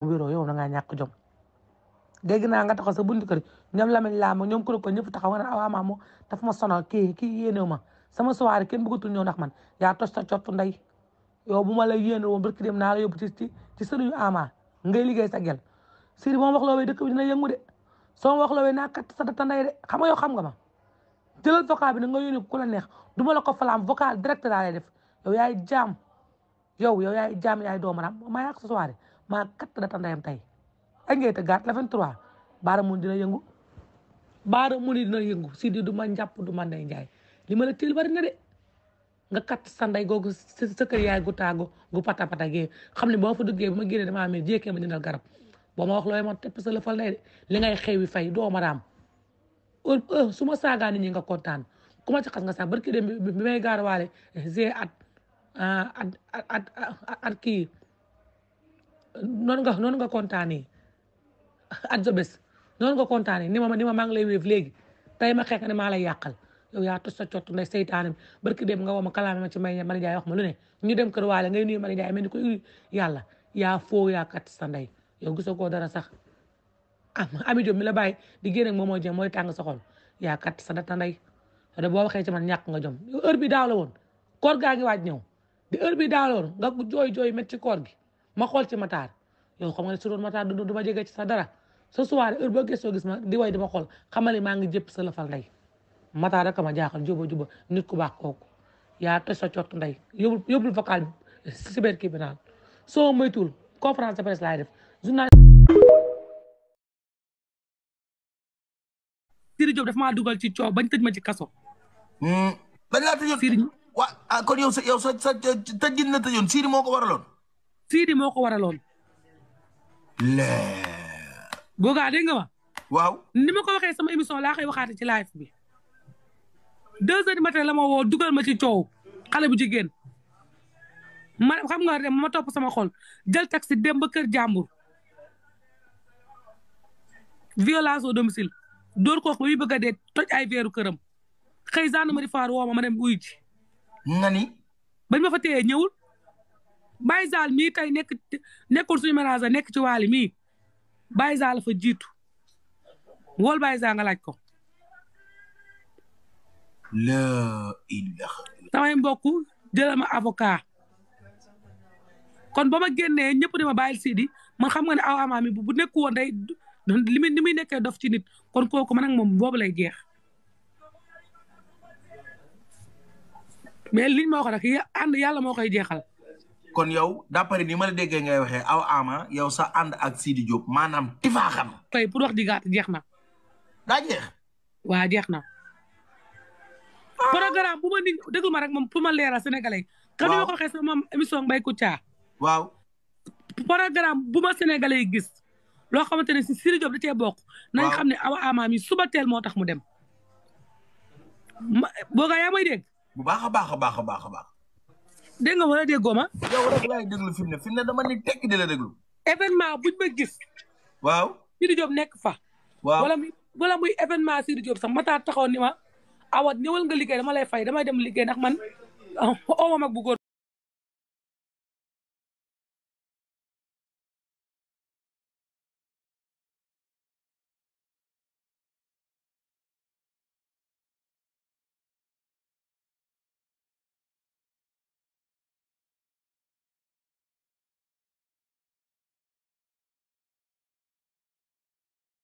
bureau yow na ngaa ñàkk jom dégg naa nga taxaw sa buntu kër ñoom laa Lam ñoom Kouroupa ñëpp taxaw nga ne ah, awaa maamu daf ma sonal kii kii yéenew ma sama soirée kenn bëggatul ñëw ndax man yaa sa cottu ndey yow bu ma la yéene woon barki dem naa la yóbbu ci ci ngay liggéey sa gel siri moom wax loowee dëkk bi dina yëngu de soo wax loowee naa sa data ndey de xam nga yow xam nga ma jëlal vocal bi na nga yónni ku la neex duma ma la ko falaam vocal direct a lay def yow yaay jaam yow yow yaay jaam ma doomaram maa yàq sa soirée ma kat data ndeyam tey ay ngay te gaat la 23 baara mun dina yëngu baara mun dina yëngu si di du ma njàpp du ma ndey njaay li ma la teel bari na de nga kat sa ndey googu sa kër yaay gu taagu gu pata pata gee xam ne boo fa duggee bu ma génnee damaa amee jékkee ma dindal garab boo ma wax looy ma tepp sa lëfal ndey de li ngay xewi fay doo ma raam su ma saagaa nit ñi nga kontaan ku ma ci xas nga sax barki dem bi may gaarawaale g eh, ah, at at at noonu nga noonu nga kontaanee at the best noonu nga kontaanee ni ma ni ma maa ngi lay wéef léegi tey ma xeex ne maa lay yàqal yow yaa tos sa cottu nday seytaane barki dem nga woo ma kalaame ma ci may Maly Ndiaye wax ma lu ne ñu dem kër waale ngay nuyu Maly Ndiaye mel ni ko yàlla yaa foo yaa kat sa ndey yow gisoo koo dara sax ah Ami Diop mi la bàyyi di génn ak moom mooy jëm mooy tàng sa xol yaa kat sa data ndey boo waxee ci man ñàkk nga jom heure bi daaw la woon koor gaa ngi waaj di heure bi daaw la woon jooy jooy métti ci koor gi ma xool ci Matar yow xam nga ne su doon du ma jege ci sa dara sa soirée heure boo gëstoo gis ma di way dama xool xamal ni maa ngi jëpp sa lafal ndey Matar rek ma jaaxal juba juba nit ku baax kooku yaa toj sa cott ndey yóbbul yóbbul vocal bi si kii bi naan soo moytuwul conférence de presse laay def journal Siri Diop daf maa dugal ci coow bañ tëj ma ci kaso bañ laa tëjoon Siri waa kon yow sa yow sa sa tëjin na tëjoon Siri moo ko waraloon Sidi moo ko waraloon. lee. Goga dégg nga ma. waaw ni ma ko waxee sama émission laa koy waxaate ci live bi. deux heures du matin la ma woo dugal ma ci coow xale bu jigéen ma xam nga dem ma topp sama xol jël taxi dem ba kër jàmbur. violence au domicile dóor ko yu bëgg a dee toj ay veeru këram xëy gendarmerie faar woo ma ma dem uyu ji. nani. bañ ma fa téye ñëwul. Baye Zal mii kay nekk nekkul suñu ménage nekk ci waali mii Baye Zal fa jiitu wool Baye Zal nga laaj ko. la ilaha. samay mbokk jëlal ma avocat kon ba ma génnee ñëpp di ma bàyyi Sidi man xam nga ne awa amaami bu nekku woon day li muy li muy nekkee dof ci nit kon kooku ma ak moom boobu lay jeex. mais liñ moo wax rek ànd yàlla moo koy jeexal. kon yow daa pare ni ma la déggee ngay waxee aw ama yow sa ànd ak Sidi Diop maanaam tifaaxan. tey pour wax di gàtt jeex na. daa jeex. waa jeex na. Ah. programme bu ma ni déglu ma rek moom pour ma leeral sénégalais. waaw kan ma ko waxee sa moom émission Mbaye Kouthia. waaw. programme bu ma sénégalais gis. loo xamante ne si Sidi da cee bokk. waaw xam ne awa ama mi suba teel moo tax mu dem. ma boogaa yaa may dégg. bu baax a baax a baax a baax a baax. dégg nga wala déggoo ma. yow rek laay déglu fi mu ne fi dama ni tekki di la déglu. événement buñ ma gis. waaw Sidi Diop nekk fa. waaw wala muy wala muy événement Sidi Diop sax mataa taxaw ni ma awat ñëwal nga liggéey dama lay fay damay dem liggéey ndax man oomam ah, a bu góor